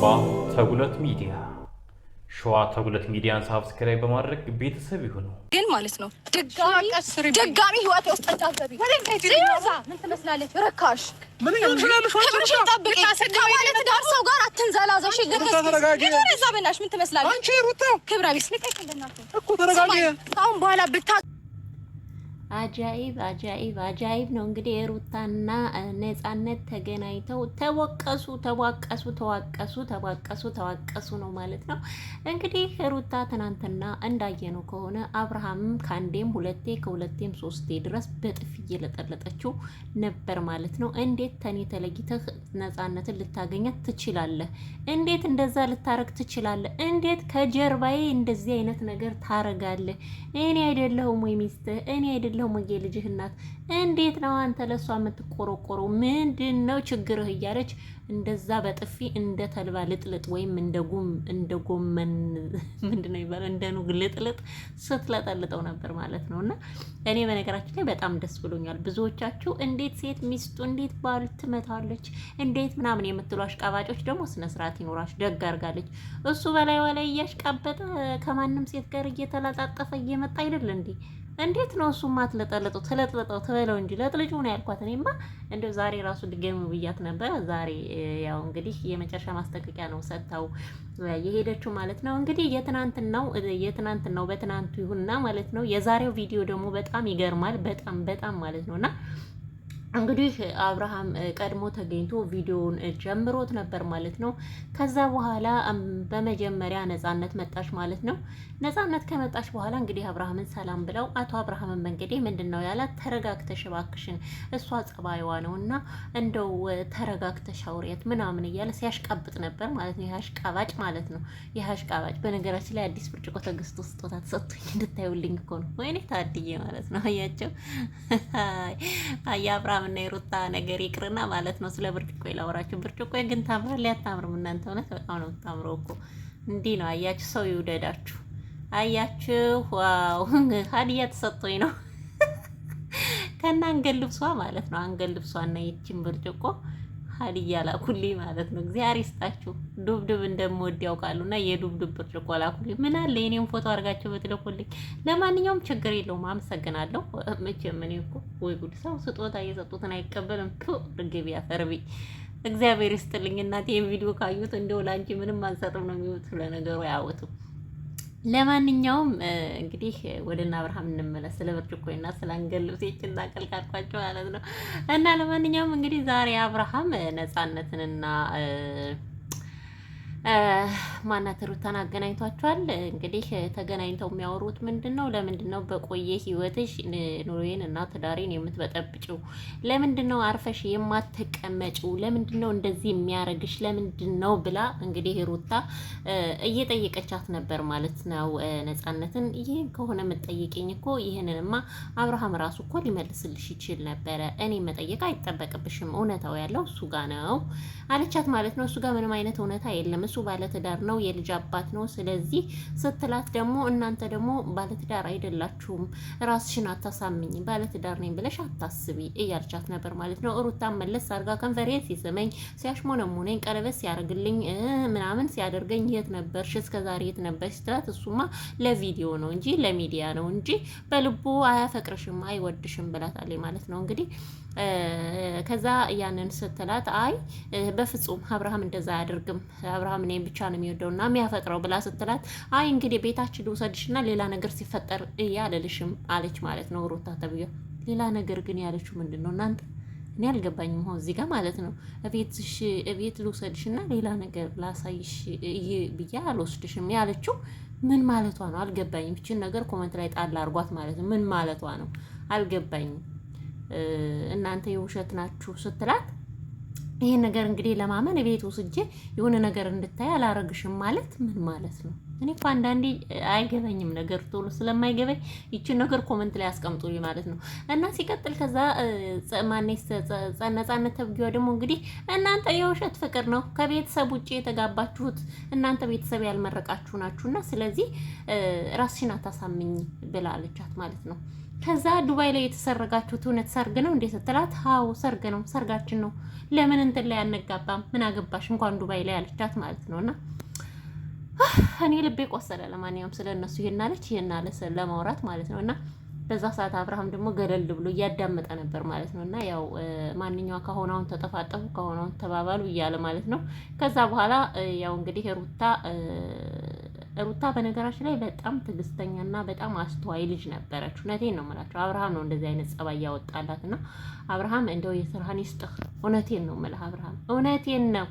አባ ተጉለት ሚዲያ ሸዋ ተጉለት ሚዲያን ሳብስክራይብ በማድረግ ቤተሰብ ይሁኑ። ግን ማለት ነው ድጋሚ ህይወት ውስጥ ምን ትመስላለች? ርካሽ ሰው ጋር አትንዘላዘሽ። በናሽ ምን ትመስላለች? ክብረ በኋላ ብታ አጃይብ አጃይብ አጃይብ ነው እንግዲህ የሩታና ነፃነት ተገናኝተው ተወቀሱ ተዋቀሱ ተዋቀሱ ተዋቀሱ ተዋቀሱ ነው ማለት ነው። እንግዲህ ሩታ ትናንትና እንዳየነው ከሆነ አብርሃምም ከአንዴም ሁለቴ ከሁለቴም ሶስቴ ድረስ በጥፍ እየለጠለጠችው ነበር ማለት ነው። እንዴት ተኔ ተለይተህ ነፃነትን ልታገኛት ትችላለህ? እንዴት እንደዛ ልታረግ ትችላለህ? እንዴት ከጀርባዬ እንደዚህ አይነት ነገር ታረጋለህ? እኔ አይደለሁም ወይ ሚስትህ? እኔ አይደለሁም ለሙጌ ልጅህ እናት እንዴት ነው አንተ ለእሷ የምትቆረቆረው? ምንድን ነው ችግርህ? እያለች እንደዛ በጥፊ እንደ ተልባ ልጥልጥ ወይም እንደ ጉም እንደ ጎመን ምንድን ነው ይባላል እንደ ኑግ ልጥልጥ ስትለጠልጠው ነበር ማለት ነው። እና እኔ በነገራችን ላይ በጣም ደስ ብሎኛል። ብዙዎቻችሁ እንዴት ሴት ሚስቱ እንዴት ባል ትመታለች እንዴት ምናምን የምትሉ አሽቃባጮች ደግሞ ስነስርዓት ይኖራችሁ። ደግ አድርጋለች እሱ በላይ ላይ እያሽቃበጠ ከማንም ሴት ጋር እየተላጣጠፈ እየመጣ አይደል እንዴ? እንዴት ነው እሱማ? አትለጠለጠው ትለጥለጠው ትበለው እንጂ ለጥልጭ ነው ያልኳት። እኔማ እንደው ዛሬ ራሱ ድገም ብያት ነበረ። ዛሬ ያው እንግዲህ የመጨረሻ ማስጠንቀቂያ ነው ሰጥተው የሄደችው ማለት ነው። እንግዲህ የትናንትናው የትናንትናው በትናንቱ ይሁንና ማለት ነው። የዛሬው ቪዲዮ ደግሞ በጣም ይገርማል። በጣም በጣም ማለት ነውና እንግዲህ አብርሃም ቀድሞ ተገኝቶ ቪዲዮውን ጀምሮት ነበር ማለት ነው። ከዛ በኋላ በመጀመሪያ ነጻነት መጣች ማለት ነው። ነጻነት ከመጣች በኋላ እንግዲህ አብርሃምን ሰላም ብለው አቶ አብርሃምን እንግዲህ ምንድን ነው ያላት? ተረጋግተሽ እባክሽን እሷ ጸባይዋ ነው እና እንደው ተረጋግተሽ አውሪያት ምናምን እያለ ሲያሽቃብጥ ነበር ማለት ነው። ያሽቃባጭ ማለት ነው። ያሽቃባጭ በነገራችን ላይ አዲስ ብርጭቆ ትዕግስት ስጦታ ተሰጥቶኝ እንድታዩልኝ እኮ ነው። ወይኔ ታድዬ ማለት ነው። አያቸው የአብርሃምና የሩታ ነገር ይቅርና ማለት ነው። ስለ ብርጭቆ ይላወራችሁ። ብርጭቆ ግን ታምራ አታምርም? እናንተ እውነት በጣም ነው የምታምረው እኮ። እንዲህ ነው አያችሁ፣ ሰው ይውደዳችሁ። አያችሁ፣ ዋው! ሀዲያ ተሰጥቶኝ ነው ከና አንገል ልብሷ ማለት ነው። አንገል ልብሷ እና ብርጭቆ ሀዲያ ላኩልኝ ማለት ነው። እግዚአብሔር ይስጣችሁ። ዱብዱብ እንደምወድ ያውቃሉ እና የዱብዱብ ብርጭቆ ላኩልኝ። ምን አለ የኔም ፎቶ አድርጋችሁ ብትልኩልኝ። ለማንኛውም ችግር የለውም አመሰግናለሁ። መቼም እኔ እኮ ወይ ጉድ ሰው ስጦታ እየሰጡትን አይቀበልም። ቱ ርግብ ያፈርቢ እግዚአብሔር ይስጥልኝ እናቴ። ቪዲዮ ካዩት እንደው ላንቺ ምንም አንሰጥም ነው የሚሉት። ለነገሩ አያወቱም ለማንኛውም እንግዲህ ወደና አብርሃም እንመለስ። ስለ ብርጭቆና ስለ አንገል ልብሴች እናቀልቃልኳቸው ማለት ነው። እና ለማንኛውም እንግዲህ ዛሬ አብርሃም ነፃነትንና ማናት ሩታን አገናኝቷቸዋል። እንግዲህ ተገናኝተው የሚያወሩት ምንድን ነው? ለምንድን ነው በቆየ ህይወትሽ ኑሮዬን እና ትዳሬን የምትበጠብጭው? ለምንድን ነው አርፈሽ የማትቀመጭው? ለምንድን ነው እንደዚህ የሚያደርግሽ? ለምንድን ነው ብላ እንግዲህ ሩታ እየጠየቀቻት ነበር ማለት ነው ነጻነትን። ይህን ከሆነ የምትጠይቅኝ እኮ ይህንንማ አብርሃም ራሱ እኮ ሊመልስልሽ ይችል ነበረ። እኔ መጠየቅ አይጠበቅብሽም። እውነታው ያለው እሱ ጋ ነው አለቻት ማለት ነው። እሱ ጋ ምንም አይነት እውነታ የለም እሱ ባለትዳር ነው፣ የልጅ አባት ነው። ስለዚህ ስትላት ደግሞ እናንተ ደግሞ ባለትዳር አይደላችሁም፣ ራስሽን አታሳምኝ፣ ባለትዳር ነኝ ብለሽ አታስቢ እያልቻት ነበር ማለት ነው። ሩታን መለስ አርጋ ከንፈሬን ሲስመኝ ሲያሽሞነሙነኝ ቀለበት ሲያደርግልኝ ምናምን ሲያደርገኝ የት ነበርሽ እስከዛሬ የት ነበር ስትላት እሱማ ለቪዲዮ ነው እንጂ ለሚዲያ ነው እንጂ በልቡ አያፈቅርሽም አይወድሽም ብላታለች ማለት ነው እንግዲህ ከዛ ያንን ስትላት አይ በፍጹም አብርሃም እንደዛ አያደርግም፣ አብርሃም እኔም ብቻ ነው የሚወደው እና የሚያፈቅረው ብላ ስትላት አይ እንግዲህ ቤታችን ልውሰድሽ ሌላ ነገር ሲፈጠር እያለልሽም አለች ማለት ነው። ሩታ ተብዬ ሌላ ነገር ግን ያለችው ምንድን ነው እናንተ? እኔ አልገባኝም። ሆን እዚህ ጋር ማለት ነው እቤትሽ እቤት ልውሰድሽ ሌላ ነገር ላሳይሽ እይ ብዬ አልወስድሽም ያለችው ምን ማለቷ ነው አልገባኝም። ይችን ነገር ኮመንት ላይ ጣል አድርጓት ማለት ነው። ምን ማለቷ ነው አልገባኝም። እናንተ የውሸት ናችሁ ስትላት ይሄን ነገር እንግዲህ ለማመን ቤት ውስጄ የሆነ ነገር እንድታይ አላረግሽም ማለት ምን ማለት ነው? እኔ እኮ አንዳንዴ አይገበኝም ነገር ቶሎ ስለማይገበኝ ይችን ነገር ኮመንት ላይ አስቀምጡልኝ ማለት ነው። እና ሲቀጥል ከዛ ማኔስ ነጻነት ተብጊዋ ደግሞ እንግዲህ እናንተ የውሸት ፍቅር ነው ከቤተሰብ ውጭ የተጋባችሁት እናንተ ቤተሰብ ያልመረቃችሁ ናችሁና ስለዚህ ራስሽን አታሳምኝ ብላለቻት ማለት ነው። ከዛ ዱባይ ላይ የተሰረጋችሁት እውነት ሰርግ ነው እንዴት ስትላት፣ ሀው ሰርግ ነው ሰርጋችን ነው ለምን እንትን ላይ አነጋባም ምን አገባሽ እንኳን ዱባይ ላይ አለቻት ማለት ነው። እና እኔ ልቤ ቆሰለ። ለማንኛውም ስለ እነሱ ይሄን አለች ይሄን አለ ለማውራት ማለት ነው እና በዛ ሰዓት አብርሃም ደግሞ ገለል ብሎ እያዳመጠ ነበር ማለት ነው እና ያው ማንኛዋ ከሆናውን ተጠፋጠፉ ከሆናውን ተባባሉ እያለ ማለት ነው። ከዛ በኋላ ያው እንግዲህ ሩታ ሩታ በነገራችን ላይ በጣም ትዕግስተኛ እና በጣም አስተዋይ ልጅ ነበረች። እውነቴን ነው የምላቸው። አብርሃም ነው እንደዚህ አይነት ጸባይ ያወጣላት እና አብርሃም እንደው የስራህን ይስጥህ። እውነቴን ነው የምልህ አብርሃም፣ እውነቴን ነው።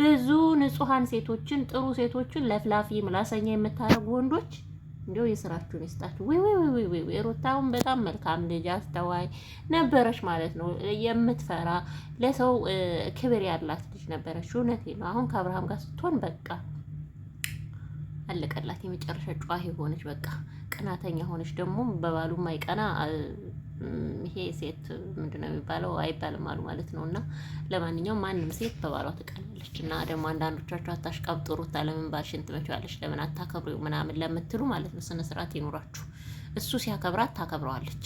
ብዙ ንጹሐን ሴቶችን ጥሩ ሴቶችን ለፍላፊ ምላሰኛ የምታደርጉ ወንዶች እንዲው የስራችሁን ይስጣችሁ። ወይ ወይ ወይ ወይ ሩታውን በጣም መልካም ልጅ አስተዋይ ነበረች ማለት ነው። የምትፈራ ለሰው ክብር ያላት ልጅ ነበረች። እውነቴ ነው። አሁን ከአብርሃም ጋር ስትሆን በቃ አለቀላት። የመጨረሻ ጨዋ ሆነች፣ በቃ ቅናተኛ ሆነች። ደግሞ በባሉ ማይቀና ይሄ ሴት ምንድን ነው የሚባለው? አይባልም አሉ ማለት ነው። እና ለማንኛውም ማንም ሴት በባሏ ትቀናለች። እና ደግሞ አንዳንዶቻቸው አታሽቃብጥሩት፣ ለምን ባልሽን ትመችዋለች፣ ለምን አታከብሪ ምናምን ለምትሉ ማለት ነው ስነ ስርዓት ይኖራችሁ። እሱ ሲያከብራት ታከብረዋለች፣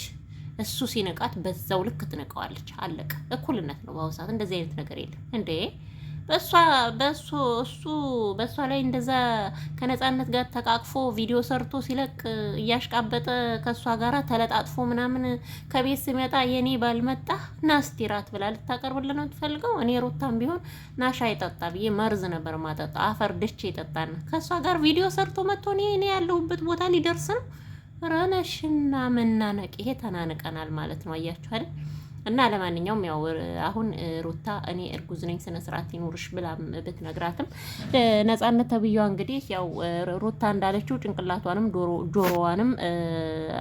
እሱ ሲንቃት በዛው ልክ ትንቀዋለች። አለቀ። እኩልነት ነው። በአሁኑ ሰዓት እንደዚህ አይነት ነገር የለም እንዴ! በእሷ በእሱ እሱ በእሷ ላይ እንደዛ ከነጻነት ጋር ተቃቅፎ ቪዲዮ ሰርቶ ሲለቅ እያሽቃበጠ ከእሷ ጋር ተለጣጥፎ ምናምን ከቤት ስመጣ የኔ ባልመጣ ናስቲራት ብላ ልታቀርብልን ነው የምትፈልገው። እኔ ሩታም ቢሆን ናሻ ይጠጣ ብዬ መርዝ ነበር ማጠጣ አፈር ድቼ ይጠጣና ከእሷ ጋር ቪዲዮ ሰርቶ መጥቶ እኔ እኔ ያለሁበት ቦታ ሊደርስ ነው። ረነሽና መናነቅ ይሄ ተናንቀናል ማለት ነው። አያችኋል። እና ለማንኛውም ያው አሁን ሩታ እኔ እርጉዝ ነኝ ስነ ስርዓት ይኑርሽ ብላ ብትነግራትም ነጻነት ተብያዋ እንግዲህ ያው ሩታ እንዳለችው ጭንቅላቷንም ጆሮዋንም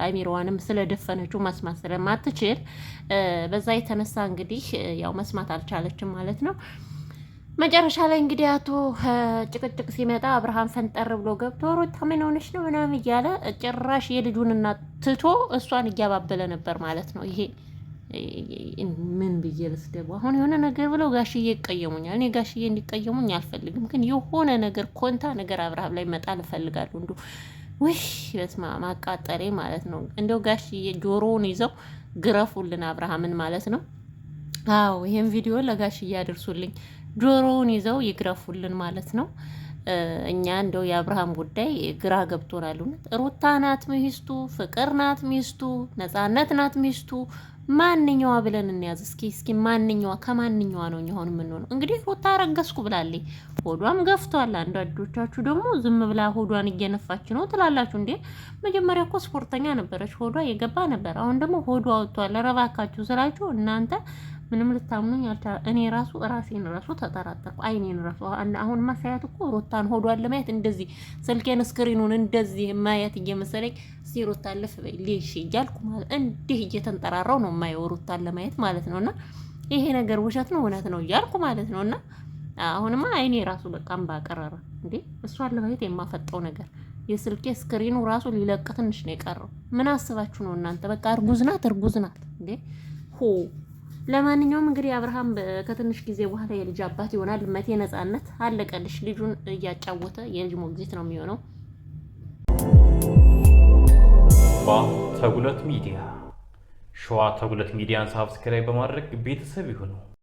አይሚሮዋንም ስለደፈነችው መስማት ስለማትችል በዛ የተነሳ እንግዲህ ያው መስማት አልቻለችም ማለት ነው። መጨረሻ ላይ እንግዲህ አቶ ጭቅጭቅ ሲመጣ አብርሃም ፈንጠር ብሎ ገብቶ ሩታ ምን ሆነች ነው ምናምን እያለ ጭራሽ የልጁንና ትቶ እሷን እያባበለ ነበር ማለት ነው ይሄ ምን ብዬ ልስደቡ? አሁን የሆነ ነገር ብለው ጋሽዬ ይቀየሙኛል። እኔ ጋሽዬ እንዲቀየሙኝ አልፈልግም፣ ግን የሆነ ነገር ኮንታ ነገር አብርሃም ላይ መጣል እፈልጋለሁ። እንዱ ውህ በስማ ማቃጠሬ ማለት ነው። እንደው ጋሽዬ ጆሮውን ይዘው ግረፉልን አብርሃምን ማለት ነው። አዎ ይሄን ቪዲዮ ለጋሽዬ አድርሱልኝ። ጆሮውን ይዘው ይግረፉልን ማለት ነው። እኛ እንደው የአብርሃም ጉዳይ ግራ ገብቶናል። እውነት ሩታ ናት ሚስቱ፣ ፍቅር ናት ሚስቱ፣ ነጻነት ናት ሚስቱ፣ ማንኛዋ ብለን እንያዝ እስኪ እስኪ ማንኛዋ ከማንኛዋ ነው አሁን የምንሆነው? እንግዲህ ሩታ ረገዝኩ ብላለች፣ ሆዷም ገፍቷል። አንዳንዶቻችሁ ደግሞ ዝም ብላ ሆዷን እየነፋች ነው ትላላችሁ እንዴ። መጀመሪያ እኮ ስፖርተኛ ነበረች፣ ሆዷ የገባ ነበር። አሁን ደግሞ ሆዷ ወጥቷል። ረባካችሁ ስላችሁ እናንተ ምንም ልታምኑኝ እኔ ራሱ ራሴን ራሱ ተጠራጠርኩ። አይኔን ራሱ አሁን ማሳያት እኮ ሮታን ሆዷን ለማየት እንደዚህ ስልኬን ስክሪኑን እንደዚህ ማየት እየመሰለኝ ሲሮታ ልፍ በይ ሌሽ እያልኩ ማለት እንዲህ እየተንጠራራው ነው የማየው ሮታን ለማየት ማለት ነው። እና ይሄ ነገር ውሸት ነው እውነት ነው እያልኩ ማለት ነው። እና አሁንማ አይኔ ራሱ በቃም ባቀረረ እንዴ እሷን ለማየት የማፈጠው ነገር የስልኬ ስክሪኑ ራሱ ሊለቅ ትንሽ ነው የቀረው። ምን አስባችሁ ነው እናንተ? በቃ እርጉዝ ናት እርጉዝ ናት እንዴ ሆ ለማንኛውም እንግዲህ አብርሃም ከትንሽ ጊዜ በኋላ የልጅ አባት ይሆናል። መቴ ነጻነት አለቀልሽ። ልጁን እያጫወተ የልጅ ሞግዚት ነው የሚሆነው። ተጉለት ሚዲያ ሸዋ ተጉለት ሚዲያን ሳብስክራይብ በማድረግ ቤተሰብ ይሁነው።